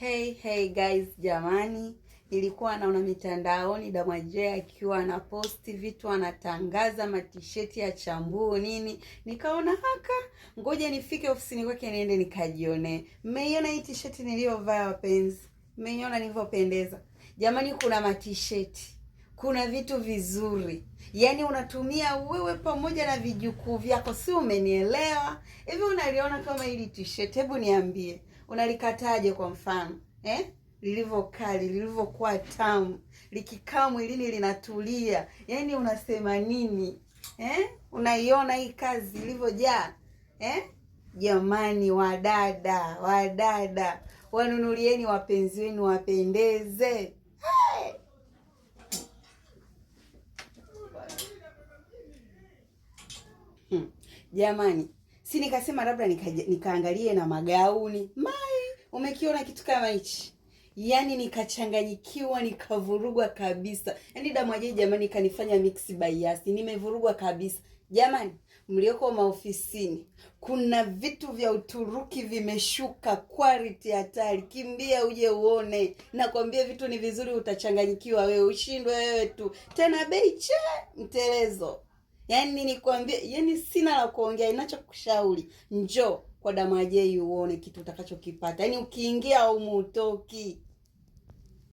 Hey, hey guys, jamani, nilikuwa naona mitandaoni Damajay akiwa anaposti vitu anatangaza matisheti ya chambuo nini, nikaona haka ngoja nifike ofisini kwake niende nikajione. Mmeiona hii tisheti niliyovaa wapenzi? Mmeiona nilivyopendeza? Jamani, kuna matisheti kuna vitu vizuri, yaani unatumia wewe pamoja na vijukuu vyako, si umenielewa? Hivi unaliona kama hili tisheti? Hebu niambie unalikataje? Kwa mfano eh? Lilivyokali, lilivyokuwa tamu, likikaa mwilini linatulia, yani unasema nini eh? Unaiona hii kazi ilivyojaa eh? Jamani, wadada, wadada, wanunulieni wapenzi wenu wapendeze. Hmm. Jamani, si nikasema labda nika, nikaangalie na magauni Ma umekiona kitu kama hichi? Yaani nikachanganyikiwa, nikavurugwa kabisa, yaani damu ajai jamani, kanifanya mix bias, nimevurugwa kabisa jamani. Mlioko maofisini, kuna vitu vya Uturuki vimeshuka quality hatari. Kimbia uje uone, nakwambia vitu ni vizuri, utachanganyikiwa wewe, ushindwe wewe tu, tena bei che mtelezo. Yaani nikwambie, yaani sina la kuongea. inachokushauri njoo kwa Dama J uone kitu utakachokipata. Yaani ukiingia au utoki.